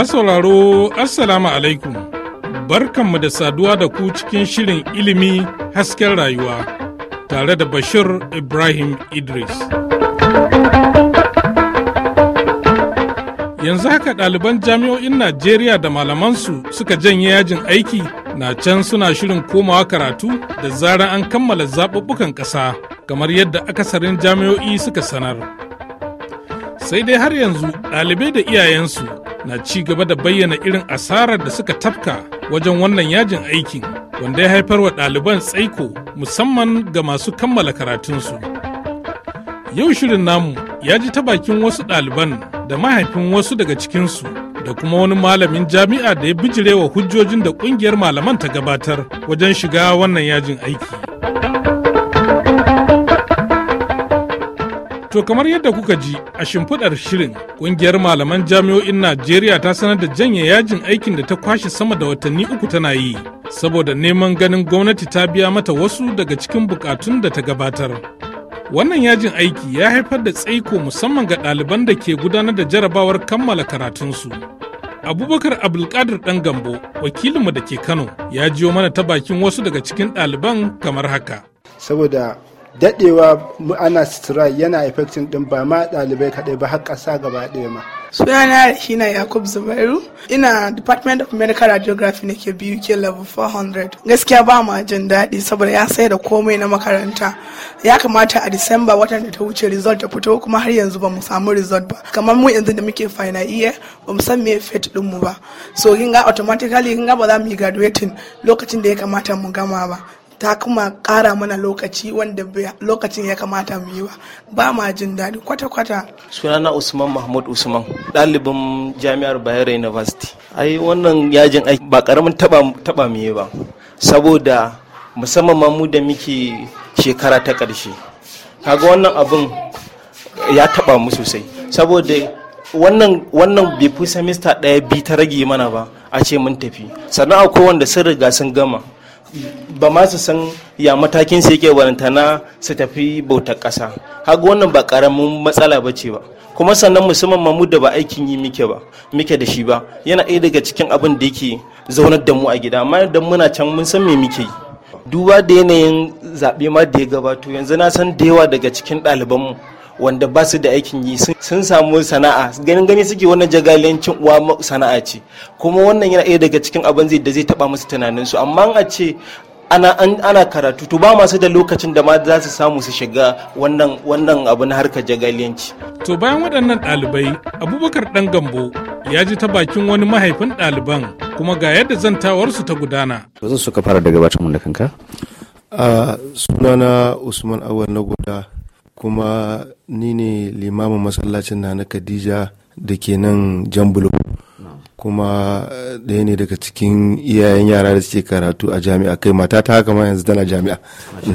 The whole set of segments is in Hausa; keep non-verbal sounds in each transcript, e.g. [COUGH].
Masauraro, Assalamu alaikum barkanmu da saduwa da ku cikin shirin ilimi hasken rayuwa tare da Bashir Ibrahim Idris. Yanzu haka ɗaliban jami'o'in Najeriya da malamansu suka janye yajin aiki na can suna shirin komawa karatu da zarar an kammala zaɓuɓɓukan ƙasa kamar yadda akasarin jami'o'i suka sanar. Sai dai har yanzu ɗalibai da iyayensu na ci gaba da bayyana irin asarar da suka tafka wajen wannan yajin aikin wanda ya haifar wa ɗaliban tsaiko musamman ga masu kammala karatunsu. Yau shirin namu ya ji ta bakin wasu ɗaliban da mahaifin wasu daga cikinsu da kuma wani malamin jami'a da ya bijirewa hujjojin da ƙungiyar malaman ta gabatar wajen shiga wannan yajin aiki. To kamar yadda kuka ji a shimfiɗar shirin ƙungiyar malaman jami'o'in Najeriya ta sanar da janye yajin aikin da ta kwashe sama da watanni uku tana yi saboda neman ganin gwamnati ta biya mata wasu daga cikin bukatun da ta gabatar. Wannan yajin aiki ya haifar da tsaiko musamman ga ɗaliban da ke gudanar da jarabawar kammala karatunsu. Abubakar Abdulkadir ɗan Gambo, wakilinmu da ke Kano, ya jiyo mana ta bakin wasu daga cikin ɗaliban kamar haka. Saboda dadewa ana strike yana affecting din ba ma dalibai kadai ba har kasa gaba daya ma sunana shina yakub zubairu ina department of medical radiography na ke biyu ke level 400 gaskiya ba ma jin daɗi saboda ya sai da komai na makaranta ya kamata a disamba watan da ta wuce result ta fito kuma har yanzu ba mu samu result ba kamar mu yanzu da muke final year ba mu san me fit din mu ba so kin ga automatically kin ga ba za mu yi graduating lokacin da ya kamata mu gama ba ta kuma kara mana lokaci wanda lokacin ya kamata mu yi ba ba ma jin daɗi kwata-kwata sunana usman mahmud usman ɗalibin jami'ar bayero university ai wannan yajin aiki ba ƙaramin taba mu yi ba saboda musamman ma mu da muke shekara ta ƙarshe kaga wannan abin ya taba mu sosai saboda wannan wannan bai fi semester ɗaya bi ta rage mana ba a ce mun tafi sannan akwai wanda sun riga sun gama ba ma su san ya matakin su yake na su tafi bautar ƙasa hagu wannan ba ƙaramin matsala ba ce ba kuma sannan musamman mamu da ba aikin yi muke ba muke da shi ba yana ɗaya daga cikin abin da yake zaunar da mu a gida amma idan muna can mun san me muke yi duba da yanayin zaɓe ma da ya gabato yanzu na san da yawa daga cikin ɗalibanmu wanda ba su da aikin yi sun samu sana'a ganin gani suke wannan jagaliyancin uwa sana'a ce kuma wannan yana ɗaya daga cikin abin da zai taɓa musu su amma a ce ana, karatu to ba masu da lokacin da ma za su samu su shiga wannan wannan abu harkar jagaliyanci. To bayan waɗannan ɗalibai Abubakar ɗan Gambo ya ji ta bakin wani mahaifin ɗaliban kuma ga yadda zantawarsu ta gudana. Zan suka fara daga bacin mun da kanka? a ah, sunana Usman Awal na guda kuma ni ne limamin masallacin na na Khadija da ke nan Jambulo. kuma eh, ɗaya ne daga cikin iyayen yara da suke karatu a jami'a kai mata ta haka ma yanzu tana jami'a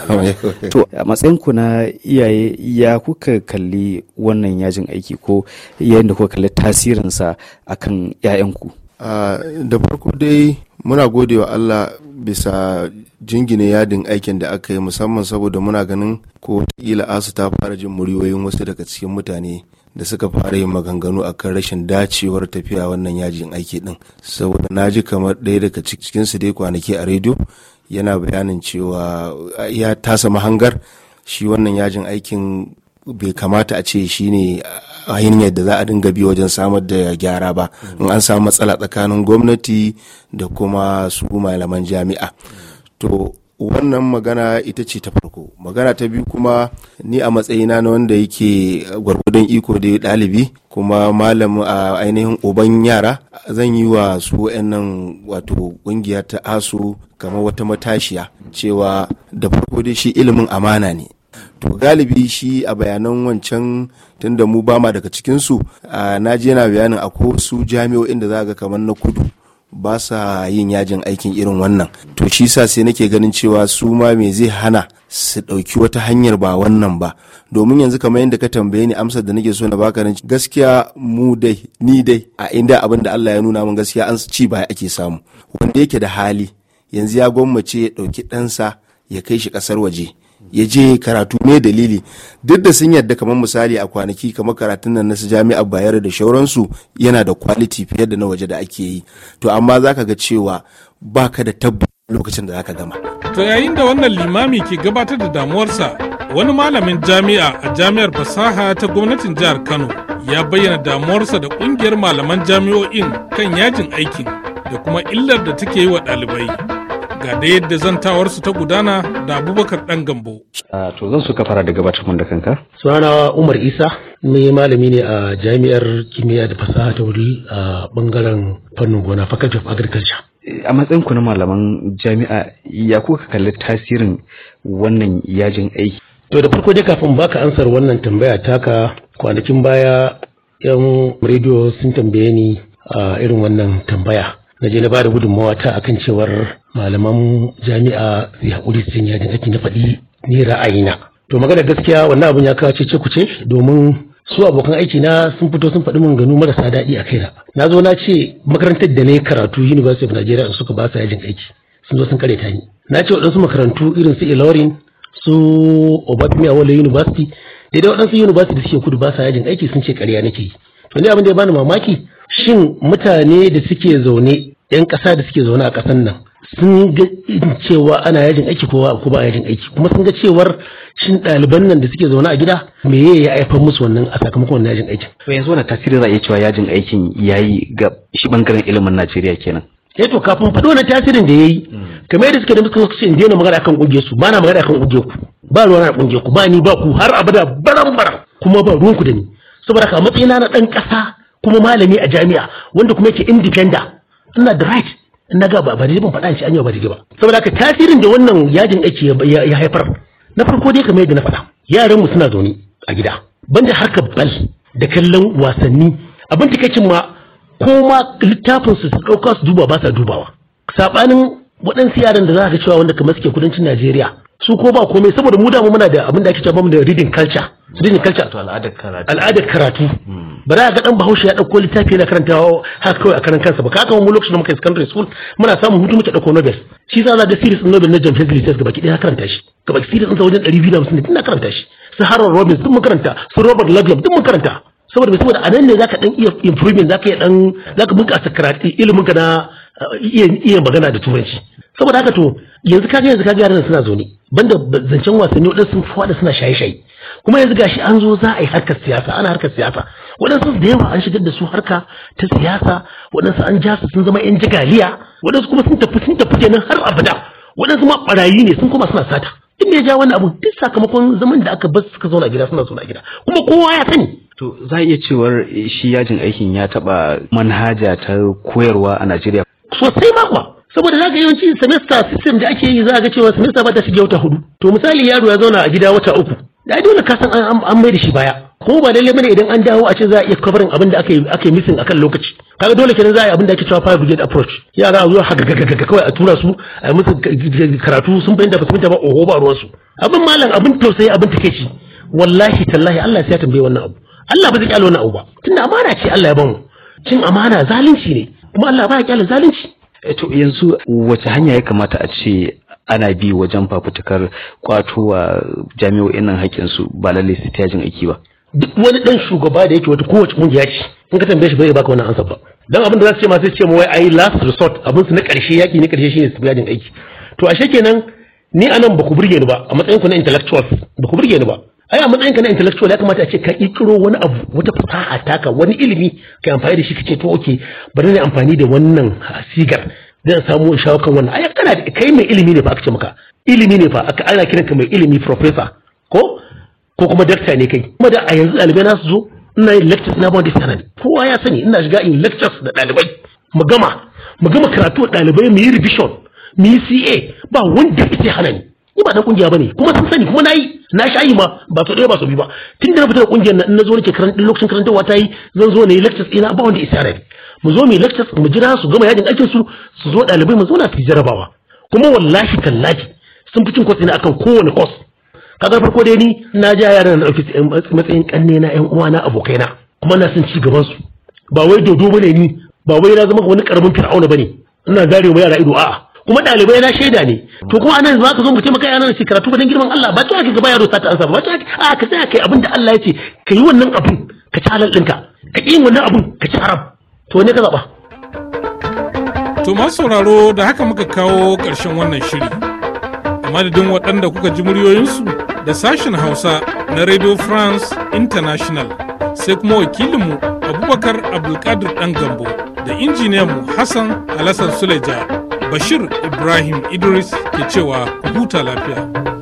[LAUGHS] to a matsayin ku na iyaye ya kuka kalli wannan yajin aiki ko yayin da kuka kalli tasirinsa akan 'ya'yanku ah, da farko dai muna godewa allah bisa jingine yadin aikin da aka yi musamman saboda muna ganin ko wataƙila asu ta fara jin muryoyin wasu daga cikin mutane da suka fara yin maganganu akan rashin dacewar tafiya wannan yajin aiki din saboda na ji kamar ɗaya daga cikinsu dai kwanaki a rediyo yana bayanin cewa ya tasa mahangar shi wannan yajin aikin bai kamata a ce shi ne hanyar da za a dinga bi wajen samar da gyara ba in an samu matsala tsakanin gwamnati da kuma su malaman jami'a. to wannan magana ita ce ta farko magana ta biyu kuma ni a matsayina na wanda yake gwargwadon iko da dalibi kuma malam a ainihin uban yara zan yi wa su nan wato ƙungiya ta asu kamar wata matashiya cewa da farko dai shi ilimin amana ne to galibi shi a bayanan wancan tunda mu ba ma daga cikinsu na je na bayanin akwai su jami'o'in da za ga kamar na kudu ba sa yin yajin aikin irin wannan to shi sa sai nake ganin cewa su ma me zai hana su ɗauki wata hanyar ba wannan ba domin yanzu kamar yadda ka tambaye ni amsar da nake so na baka nan gaskiya mu dai ni dai a inda abin da Allah ya nuna min gaskiya an ci ba ake samu wanda yake da hali yanzu ya gwammace ya ɗauki ɗansa ya kai shi ƙasar waje ya je karatu ne dalili duk da sun yadda kamar misali a kwanaki kamar karatun nan na su jami'a bayar da shauransu yana da kwaliti fiye da na waje da ake yi to amma za ka ga cewa ba ka da tabbas lokacin da za ka gama to yayin da wannan limami ke gabatar da damuwarsa wani malamin jami'a a jami'ar fasaha ta gwamnatin jihar kano ya bayyana damuwarsa da kungiyar malaman jami'o'in kan yajin aikin da kuma illar da take yi wa ɗalibai ga da yadda zantawarsu ta gudana da abubakar dan gambo. to zan suka fara da gabatar mun da kanka. sunana umar isa mai malami ne a jami'ar kimiyya da fasaha ta wuri a bangaren fannin gona faculty of agriculture. a matsayin ku na malaman jami'a ya kuka kalli tasirin wannan yajin aiki. to da farko dai kafin baka ansar wannan tambaya taka kwanakin baya yan rediyo sun tambaye ni a irin wannan tambaya na je na ba da gudunmawa ta akan cewar malaman jami'a ya haƙuri su sanya da aiki na faɗi ni ra'ayina to magana gaskiya wannan abun ya kawo cece kuce domin su abokan aiki na sun fito sun faɗi ganu marasa daɗi a kaina na zo na ce makarantar da na yi karatu university of nigeria suka ba su yajin aiki sun zo sun kare ta ni na ce waɗansu makarantu irin su ilorin su obafemi awolo university daidai waɗansu university da suke kudu ba su yajin aiki sun ce karya nake yi to ni abin da ya bani mamaki shin mutane da suke zaune 'yan ƙasa da suke zaune a ƙasan nan sun ga cewa ana yajin aiki ko ko ba yajin aiki kuma sun ga cewar shin ɗaliban nan da suke zaune a gida me ya haifar musu wannan a sakamakon wannan yajin aikin to yanzu wani tasiri za a iya cewa yajin aikin yayi ga shi bangaren ilimin Najeriya kenan eh to kafin faɗo wannan tasirin da yayi kamar yadda suke da muka ce in daina magana akan kungiyar su ba na magana akan kungiyar ku ba ruwa na kungiyar ku ba ni ba ku har abada baran baran kuma ba ruwan ku da ni saboda ka matsayina na ɗan ƙasa kuma malami a jami'a wanda kuma yake independent ina da right ina ga ba daidai ban faɗa shi an yi ba daidai ba saboda ka tasirin da wannan yajin aiki ya haifar na farko dai kamar yadda na faɗa yaran mu suna zaune a gida banda harka bal da kallon wasanni abin takaicin ma ko ma littafin su su ɗauka su duba ba sa dubawa saɓanin waɗansu yaran da za ka cewa wanda kamar suke kudancin Najeriya su ko ba komai saboda mu da muna da abin da ake cewa mu da reading culture reading culture to al'adar karatu al'adar karatu hmm. ba za a ga dan bahaushe ya dauko littafi yana karanta haka kawai a karan kansa ba kaka mu lokacin da muka yi secondary school muna samun hutu muke dauko nobel shi yasa za ga series din nobel na John Wesley Gates gabaki ɗaya karanta shi gabaki series din sa wajen 250 na karanta shi su Harold Robbins duk mun karanta su Robert Ludlum duk mun karanta saboda mai saboda anan ne za ka dan iya improvement ka iya dan ka bunƙasa karatu ilimin ka na iya magana da turanci saboda haka to yanzu kaga yanzu kaga yaran suna zo ne banda zancen wasanni wadansu sun fada suna shaye-shaye kuma yanzu gashi an zo za a yi harkar siyasa ana harkar siyasa waɗansu da yawa an shigar da su harka ta siyasa waɗansu an ja su sun zama yan jigaliya, waɗansu kuma sun tafi sun tafi kenan har abada waɗansu ma ɓarayi ne sun koma suna sata duk ya ja wani abu duk sakamakon zaman da aka bar suka zauna gida suna zauna gida kuma kowa ya sani to za iya cewar shi yajin aikin ya taɓa manhaja ta koyarwa a Najeriya sosai ma kuwa saboda zaka yawanci semester system da ake yi za ga cewa semester ba ta shige wata hudu to misali yaro ya zauna a gida wata uku da dole ka san an mai da shi baya ko ba lalle bane idan an dawo a ce za a iya covering abin da aka yi missing akan lokaci kaga dole kenan za a yi abin da ake cewa five brigade approach yara a zuwa haka gaga kawai a tura su a musu karatu sun fahimta ba su fahimta ba oho ba ruwan su abin malam abin tausayi abin takeici wallahi tallahi Allah sai ya tambaye wannan abu Allah ba zai kyale wannan abu ba tunda amana ce Allah ya bamu cin amana zalunci ne kuma Allah ba ya kyale zalunci to yanzu wace hanya ya kamata a ce ana bi wajen fafutukar kwatowa jami'o'in nan haƙƙin su ba lalle su ta aiki ba duk wani dan shugaba da yake wata kowace kungiya ce in ka tambaye shi bai baka wannan ansa ba dan abin da za su ce ma sai ce mu wai ai last resort abin su na ƙarshe yaki na ƙarshe shine su tajin aiki to ashe kenan ni anan ba ku burge ni ba a matsayin ku na intellectuals ba ku burge ni ba ai a matsayin ka na intellectual ya kamata a ce ka kirkiro wani abu wata fasaha taka wani ilimi ka amfani da shi ka ce to okay bari na amfani da wannan sigar zan samu shawo kan wannan ai kana kai mai ilimi ne fa aka ce maka ilimi ne fa aka ana kiranka mai ilimi professor ko ko kuma doctor ne kai kuma da a yanzu ɗalibai na su zo ina yin lectures na body sanani kowa ya sani ina shiga in lectures da ɗalibai mu gama mu gama karatu ɗalibai mu yi revision mu yi CA ba wanda yake hana ni ni ba dan kungiya bane kuma sun sani kuma nayi na shayi ma ba su ɗaya ba su bi ba tun da na fita da kungiyar nan na zo nake karanta lokacin karantarwa ta yi zan zo na yi lectures ina ba wanda isa rabi mu zo mu yi lectures mu jira su gama yajin aikin su su zo ɗalibai mu zauna su jarabawa kuma wallahi kallaki sun fi cin kwas ina akan kowane kwas kaga farko dai ni na ja yaran na ɗauki eh, matsayin kanne na ƴan uwana abokaina kuma na son ci gaban su ba wai dodo bane ni ba wai na zama wani karamin fir'auna bane ina zare mu yara ido a'a kuma ɗalibai na shaida ne to kuma anan za ka zo mu taimaka yanar shi karatu ba dan girman Allah ba ta ka ba yaro sata ansa ba ta a ka tsaya kai abin da Allah ya ce ka yi wannan abin ka ci halal ɗinka ka ƙi wannan abin ka ci haram to ne ka zaɓa. to masu sauraro da haka muka kawo ƙarshen wannan shiri a madadin waɗanda kuka ji muryoyinsu da sashen hausa na radio france international sai kuma wakilinmu abubakar abdulkadir ɗan gambo da injiniyanmu hassan alassan suleja Bashir Ibrahim Idris ke cewa huta lafiya.